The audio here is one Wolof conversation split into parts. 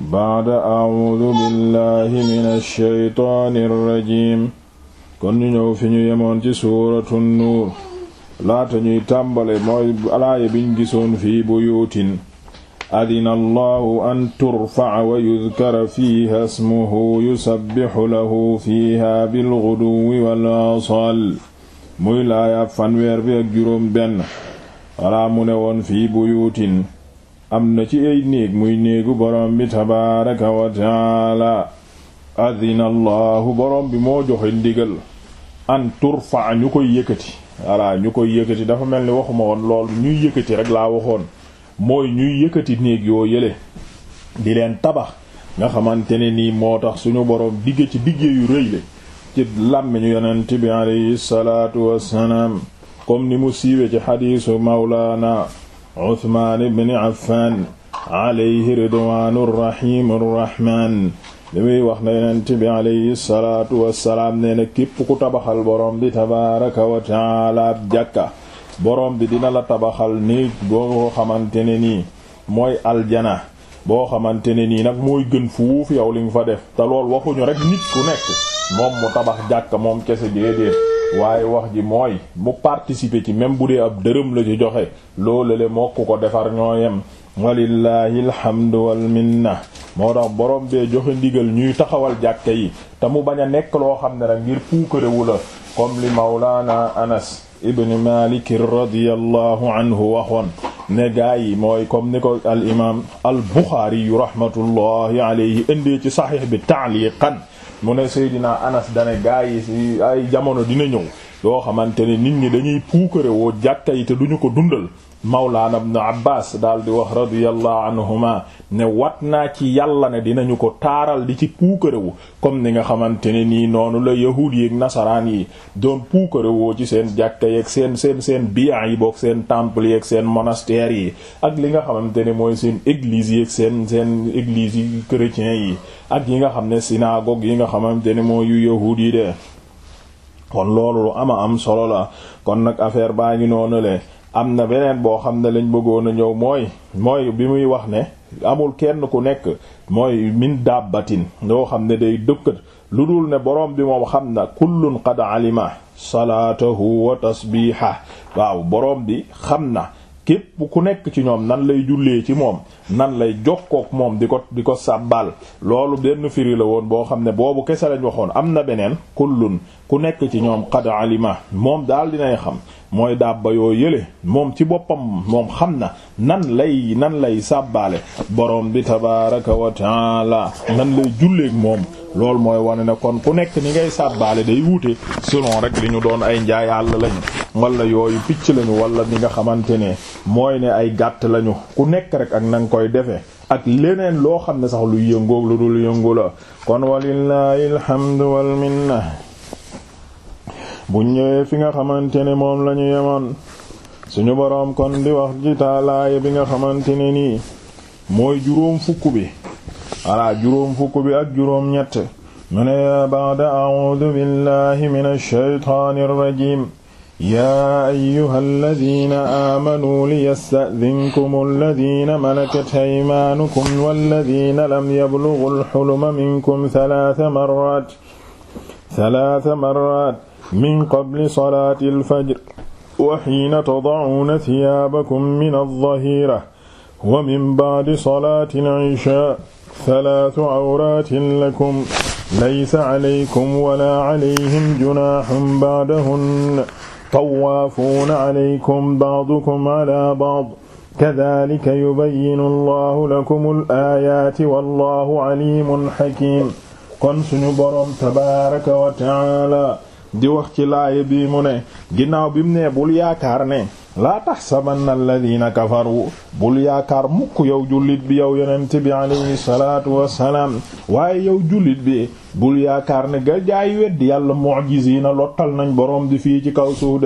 baada audu billahi min alsheytaani irrajim kon ñu ñëw fi ñu yemoon ci suuratu nuur laata ñuy tàmbale mooy alaaya biñ gisoon fii buyuutin adina allahu an turfaca wa yudkara fiiha smuhu yusabbixu lahu fiiha bilguduwi walasal muy laayaab fanweer bi ak juróom benn walaa mu ne woon fii buyuutin am na ci ay néeg muy néegu borom bi tabaaraka wa taala adina borom bi moo joxe ndigal an turfa ñu koy yëkkati voilà ñu koy yëkkati dafa mel ni waxuma woon lool ñuy yëkkati rek laa waxoon mooy ñuy yëkkati néeg yoo yële di leen tabax nga xamante ne nii moo tax suñu borom digge ci digge yu rëy le ci làmmiñu yonent bi alayhi salaatu wassalaam comme ni mu siiwe ci xadiisu mawlaana Usmaan ibn Affaan alayhi ridwaanu rahim rahmaan muy wax na yonent bi alayhi salaatu wassalaam nee na képp ku tabaxal borom bi tabaaraka wa taala jàkka borom bi dina la tabaxal néeg boo xamante ne nii mooy aljana boo xamante ne nii nag mooy gën fuuf yow li nga fa def te lool waxuñu rek nit ku nekk moom mu tabax jàkka moom kese déedéet waaye wax ji mooy mu participer ci même bu dee ab dërëm la ci joxe loolu le mokk ko defar ñoo yem walillahi alhamdu wal minna moo tax borom bee joxe ndigal ñuy taxawal jàkke yi te mu bañ a nekk loo xam ne rek ngir puukarewu la kom li mawlaana anas ibn malik radiyallahu anhu waxoon ne gaa yi mooy comme ni ko al imam al buxaari yu rahmatullahi alayhi indee ci saxiix bi ta'liqan mu ne Seydina Anas dane gaa yi ay jamono dina ñëw yoo xamante ne nit ñi dañuy puukare woo jàkka yi te duñu ko dundal mawlaana ibn abbas daal di wax radiyallahu anhuma ne wat naa ci yàlla ne dinañu ko taaral di ci puukarewu comme ni nga xamante ne nii noonu la yahuud yi ak nasaraan yi doon puukarewoo ci seen jàkka yeeg seen seen seen bian yi boog seen temple seen monastères yi ak li nga xamante ne mooy seen églises yi ak seen seen églises yi chrétiens yi ak yi nga xam ne synagogue yi nga xamante ne mooy yu yahuud yi de kon loolu lu ama am solo la kon nag affaire baa ngi noonu le am na beneen boo xam ne lañ bëggoon a ñëw mooy mooy bi muy wax ne amul kenn ku nekk mooy min dabbatin yoo xam ne day dëkkat lu dul ne borom bi moom xam na kullun qad alima salaatahu wa tasbiha waaw borom bi xam na képp ku nekk ci ñoom nan lay jullee ci moom nan lay jokkook moom di ko di ko sàbbal loolu benn firi la woon boo xam ne boobu kese lañ waxoon am na beneen kullun ku nekk ci ñoom qad alima moom daal dinay xam mooy dabba yoo yële moom ci boppam moom xam na nan lay nan lay sàbbaale borom bi tabaraka wa taala nan lay julleeg moom loolu mooy wane ne kon ku nekk ni ngay sàbbaale day wuute selon rek li ñu doon ay njaay àll lañu wala yooyu picc lañu walla ni nga xamante ne mooy ne ay gàtt lañu ku nekk rek ak nang koy defee ak leneen loo xam ne sax luy yëngoog lu dul yëngu la kon walillahi alhamdu wal minna buñ ñëwee fi nga xamante ne moom la yemoon suñu boroom kon di wax ji taalaaya bi nga xamante ne nii mooy juróom fukk bi walla juróom fukk bi ak juróom ñett mu ne ba'da a'uudu billahi minash shaytaanir rajiim yaa ayyuhal laziina aamanuu liyasta'dinkumul laziina malakat aymaanukum wallaziina lam yablughul huluma minkum salaasa marraat salaasa marraat min qabli salaatil fajr wa hiina tada'uuna thiyaabakum minaz zahiira wa min ba'di salaatil ishaa salaasu awraatin lakum laysa alaykum walaa alayhim junaahun ba'dahunna tawaafuuna alaykum ba'dukum ala ba'd kadhalika yubayyinu allahu lakumul aayaati wallahu alimun hakim kon suñu boroom tabaaraka wa ta'aala di wax ci laaya bii mu ne ginnaaw bi mu ne bul yaakaar ne laa taxsabanna alladina kafaru bul yaakaar mukk yow jullit bi yow yonent bi alayhi salaatu wassalaam waaye yow jullit bi bul yaakaar ne ga jaay weddi yàlla mu'jizina lottal nañ borom di fii ci kaw suuf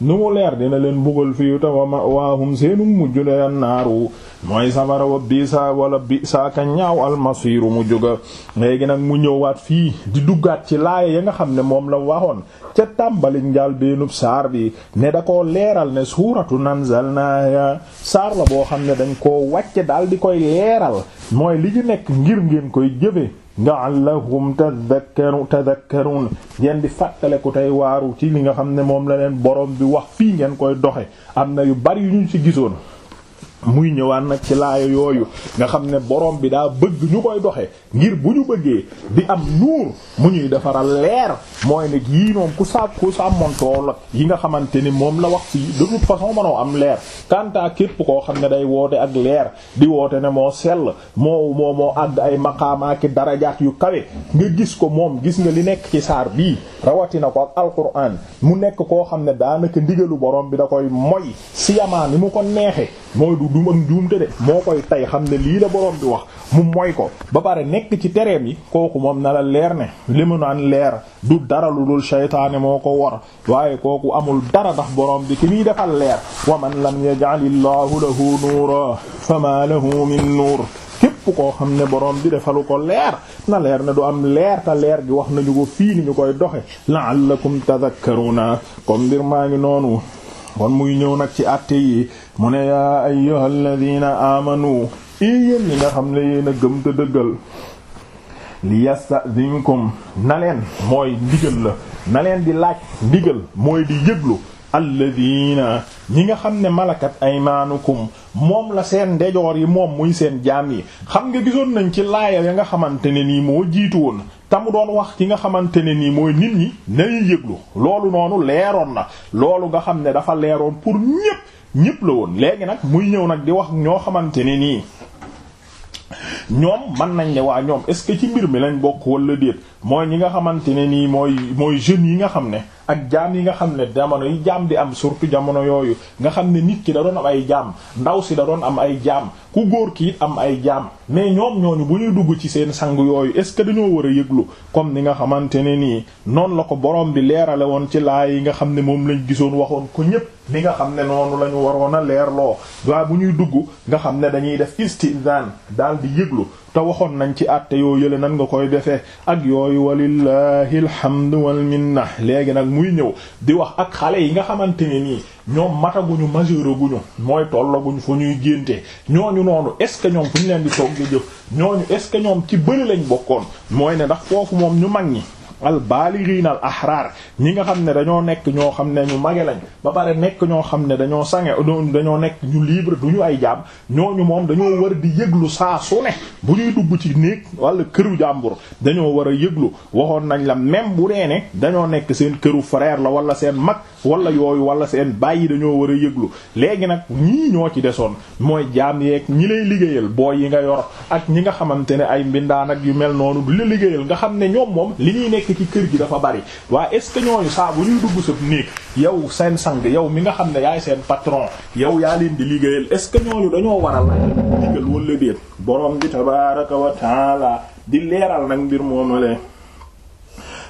nu mu leer dina leen mbugal fii ta wama waahum seenu mujj la naaru mooy safara wa bi sa bi saaka ñaaw almasiiru mu jóga léegi nag mu ñëwaat fii di duggaat ci laaya ya nga xam ne moom la waxoon ca tàmbali njaal beenub saar bi ne da koo leeral ne suuratu nanzalnaa saar la boo xam ne dañ koo wàcce daal di koy leeral mooy li ñu nekk ngir ngeen koy jëfe la'allahum tadhakkaru tadhakkarun ngeen di fàttaleku tey waaru ci li nga xam ne moom la leen borom bi wax fii ngeen koy doxe am na yu bari yu ñu ci gisoon muy ñëwaan nag ci laaya yooyu nga xam ne boroom bi daa bëgg ñu koy doxe ngir bu ñu bëggee bi am nuur mu ñuy defaral leer mooy nag yii moom ku sa ku sàmmontool yi nga xamante ni moom la wax fii de toute façon am leer kanta képp koo xam ne day woote ak leer di woote ne moo sell moo moo moo àgg ay maqaamaaki darajaat yu kawe nga gis ko moom gis nga li nekk ci saar bii rawatina ko ak alquran mu nekk koo xam ne daanaka ndigalu borom bi da koy moy si yamaa ni mu ko neexe mooy du du ak njuumte de moo koy tay xam ne lii la borom bi wax mu mooy ko ba pare nekk ci tereem yi kooku moom na la leer ne li mu naan leer du dara lu dul shaytaane moo ko war waaye kooku amul dara ndax borom bi ki muy defal leer wa man lam yaj'alillahu lahu nuura fama lahu min nuur képp koo xam ne borom bi defalu ko leer na leer ne du am leer ta leer gi wax nañu ko fii ni ñu koy doxe la'allakum tadhakkaruna comme mbir maa ngi noonu kon muy ñëw nag ci àtte yi mu ne yaa ayyuhal ladina amanu yéen ñi nga xam ne yéen a gëm te dëggal li yasta'zinkum na leen mooy ndigal la na leen di laaj ndigal mooy di yëglu alladina ñi nga xam ne malakat aymaanukum moom la seen ndejoor yi moom muy seen jaam yi xam nga gisoon nañ ci laaya ya nga xamante ne nii moo jiitu woon te doon wax ci nga xamante ne nii mooy nit ñi nañuy yëglu loolu noonu leeroon na loolu nga xam ne dafa leeroon pour ñépp ñépp la woon léegi nag muy ñëw nag di wax ñoo xamante ne nii ñoom mën nañ ne waa ñoom est-ce que ci mbir mi lañ bokk wala déet mooy ñi nga xamante ne nii mooy mooy jeunes yi nga xam ne ak jaam yi nga xam ne jamono yi jaam di am surtout jamono yooyu nga xam ne nit ki da doon am ay jaam ndaw si da doon am ay jaam ku góor ki it am ay jaam mais ñoom ñooñu bu ñuy dugg ci seen sang yooyu est ce que dañoo war a yëglu comme ni nga xamante ne nii noonu la ko borom bi leerale woon ci laay yi nga xam ne moom lañ gisoon waxoon ko ñépp li nga xam ne noonu la ñu waroon a leerloo waaye bu ñuy dugg nga xam ne dañuy def istizaan daal di yëglu te waxoon nañ ci àtte yoo yële nan nga koy defee ak yooyu walillahi alhamdu wal minna léegi nag muy ñëw di wax ak xale yi nga xamante ne nii ñoom mataguñu majeur mooy tollaguñu fu ñuy génte ñooñu noonu est ce que ñoom fu ñu leen di toog di jëf ñooñu est ce que ñoom ci bëri lañ bokkoon mooy ne ndax foofu moom ñu mag ñi al baaligiina al ahraar ñi nga xam ne dañoo nekk ñoo xam ne ñu mage lañ ba pare nekk ñoo xam ne dañoo sange dañoo nekk ñu libre du ñu ay jaam ñu moom dañoo war di yëglu saa su ne bu ñuy dugg ci néeg wala këru jàmbur dañoo war a yëglu waxoon nañ la même bu dee ne dañoo nekk seen këru frère la wala seen mag wala yooyu wala seen bàyyi dañoo war a yëglu léegi nag ñii ñoo ci desoon mooy jaam yeeg ñi lay liggéeyal booy yi nga yor ak ñi nga xamante ne ay mbindaan ak yu mel noonu du la liggéeyal nga xam ne ñoom nekk kër gi dafa bari waaye est ce saabu ñooñu dugg sa néeg yow seen sang yow mi nga xam ne yaay seen patron yow yaa leen di liggéeyal est ce que dañoo waral digal wala déet borom bi tabaraka wa taala di leeral nag mbir moomale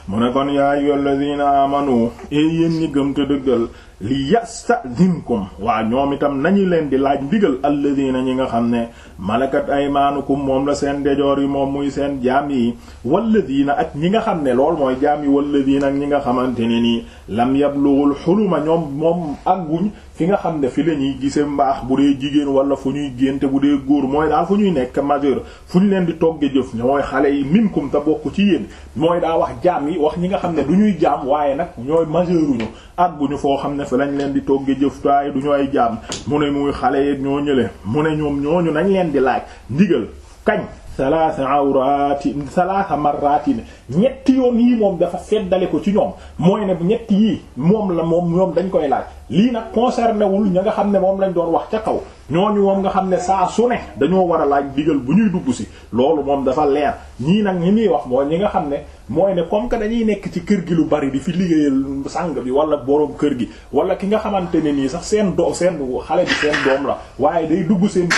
mu ne kon yaa ayyuhal ladina amanu e yéen ñi gëm dëggal li yasta'dinkum waa ñoom itam nañu leen di laaj ndigal alladina ñi nga xam ne malakat aymaanukum moom la seen dejoor yi moom muy seen jaam yi walladina ak ñi nga xam ne lool mooy jaam yi walladina ak ñi nga xamante ne nii lam yablughul huluma ñoom moom agguñ fi nga xam ne fi la ñuy gise mbaax bu dee jigéen wala fu ñuy génte bu dee góor mooy daal fu ñuy nekk majeur fu ñu leen di togge jëf ñooy xale yi minkum te bokk ci yéen mooy daa wax jaam yi wax ñi nga xam ne du ñuy jaam waaye nag ñooy majeuruñu àgguñu foo xam ne fi lañ leen di togge jëf waaye du ñu ay jaam mu ne muy xale yi ñoo ñële mu ne ñoom ñooñu nañ leen di laaj ndigal kañ salaasa awraati salaasa marraati ne ñetti yoon yii moom dafa seddale ko ci ñoom mooy ne ñetti yii moom la moom ñoom dañ koy laaj lii nag concerné wul ña nga xam ne moom lañ doon wax ca kaw ñooñu moom nga xam ne saa su ne dañoo war a laaj digal bu ñuy dugg si loolu moom dafa leer ñii nag ñi muy wax mooy ñi nga xam ne mooy ne comme que dañuy nekk ci kër gi lu bari di fi liggéeyal sang bi wala borom kër gi wala ki nga xamante ne nii sax seen doo seen xale bi la waaye day dugg seen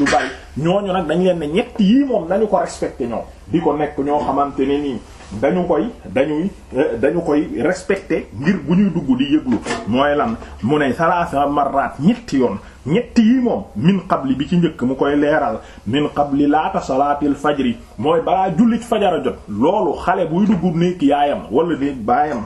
lu bari ñooñu nag dañ leen ne ñett yii moom nañu ko respecté ñoom di ko nekk ñoo xamante ne nii dañu koy dañuy eh, dañu koy respecté ngir bu ñuy dugg di yëglu mooy lan mu ne salaasa marraat ñetti yoon ñetti yi moom min qabli bi ci njëkk mu koy leeral min qabli laata salaatil fajri mooy balaa jullit fajara jot loolu xale buy dugg néeg yaayam wala néeg baayam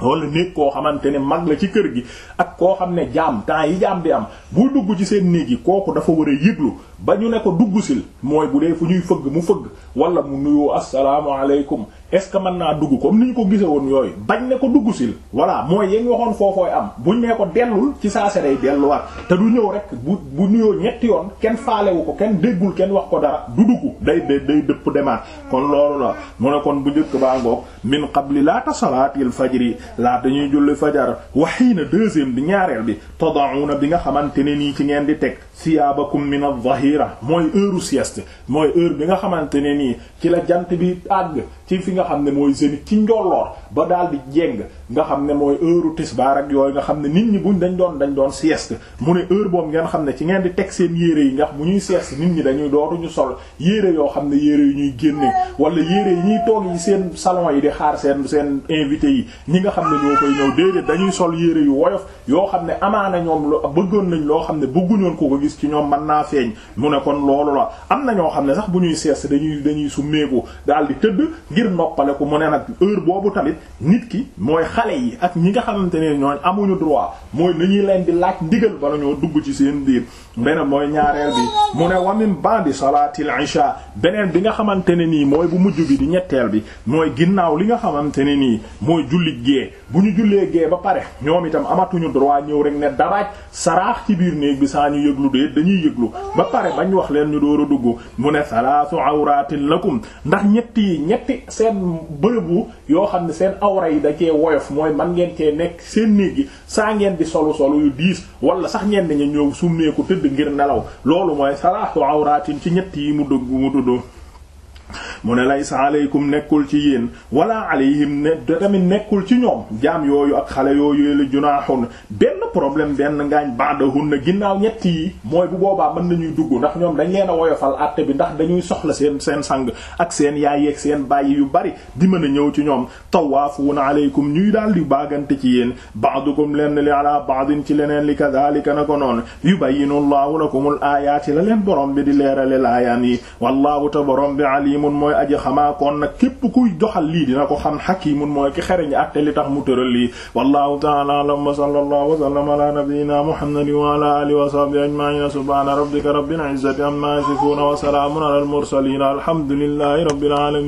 wala néeg koo xamante ne mag la ci kër gi ak koo xam ne jaam temps yi jaam bi am buy dugg ci seen néeg yi kooku dafa war a yëglu ba ñu ne ko dugg sil mooy bu dee fu ñuy fëgg mu fëgg wala mu nuyoo assalaamu aleykum est ce que mën naa dugg comme ni ñu ko gise woon yooyu bañ ne ko dugg sil voilà mooy yéen waxoon foofooy am buñ nee ko dellul ci saase day delluwaat te du ñëw rek bu bu nuyoo ñetti yoon kenn faalewu ko kenn déggul kenn wax ko dara du dugg day day dëpp demaat kon loolu la mu ne kon bu njëkk baa ngoog min qabli laata salaatil fajri laata ñuy julli fajar waxiina deuxième bi ñaareel bi tadauna bi nga xamante ne nii ci ngeen di teg siyabakum min adh mugira mooy heure sieste mooy heure bi nga xamante ne nii ci la jant bi àgg ci fi nga xam ne mooy zénith ci njolloor ba daal di jeng nga xam ne mooy heure tisbaar ak yooyu nga xam ne nit ñi buñ dañ doon dañu doon sieste mu ne boobu ngeen xam ne ci ngeen di teg seen yére yi ndax bu ñuy sieste nit ñi dañuy dootuñu sol yére yoo xam ne yére yu ñuy génne wala yére yi ñuy toog seen salon yi di xaar seen seen invité yi ñi nga xam ne ñoo koy ñëw dañuy sol yére yu woyof yoo xam ne amaana ñoom loo bëggoon nañ loo xam ne bëgguñoon ko ko gis ci ñoom mën naa feeñ mu ne kon loolu la am na ñoo xam ne sax bu ñuy sieste dañuy dañuy summeeku daal di tëdd ngir noppale ko mu ne nag heure boobu tamit nit ki mooy xale yi ak ñi nga xamante ne ñooñ amuñu droit mooy nañuy leen di laaj ndigal bala ñoo dugg ci seen biir beneen mooy ñaareel bi mu ne wamin bandi salaatil isha beneen bi nga xamante ne nii mooy bu mujj bi di ñetteel bi mooy ginnaaw li nga xamante ne nii mooy julli gee bu ñu jullee géey ba pare ñoom itam amatuñu droit ñëw rek ne daraaj saraax ci biir néeg bi saa ñu yëglu de dañuy yëglu ba pare pare bañ wax leen ñu door a dugg mu ne salaasu awratin lakum ndax ñetti yi ñetti seen bërëbu yoo xam ne seen awra yi da cee woyof mooy man ngeen cee nekk seen néeg yi saa ngeen di solu solu yu diis wala sax ñeen ña ñëw summeeku tëdd ngir nelaw loolu mooy salaasu awratin ci ñetti yi mu dugg mu tudd mu ne laysa aleykum nekkul ci yéen wala alayhim ne tamit nekkul ci ñoom jaam yooyu ak xale yooyu la junaaxun benn problème benn ngaañ ba'dahun na ginnaaw ñett yi mooy bu boobaa mën nañuy dugg ndax ñoom dañ leen a woyofal àtte bi ndax dañuy soxla seen seen sang ak seen yaa yeeg seen bàyyi yu bari di mën a ñëw ci ñoom tawaafuuna aleykum ñuy daal di baagante ci yéen ba'dukum lenn li ala ba'din ci leneen li kadhalika na ko noonu yubayyinu Allahu lakumul aayaati la leen borom bi di leerale laayaan yi mooy aji xamaa kon nag képp kuy joxal lii dina ko xam xakimun mooy ki xereñ atte li tax mu tëral lii wallahu ta'ala a'lam wa sallallahu wa sallama ala nabiyyina muhammadin wa ala alihi wa sahbihi ajma'in subhana rabbika rabbil izzati amma yasifun wa salamun ala al mursalin alhamdulillahi rabbil alamin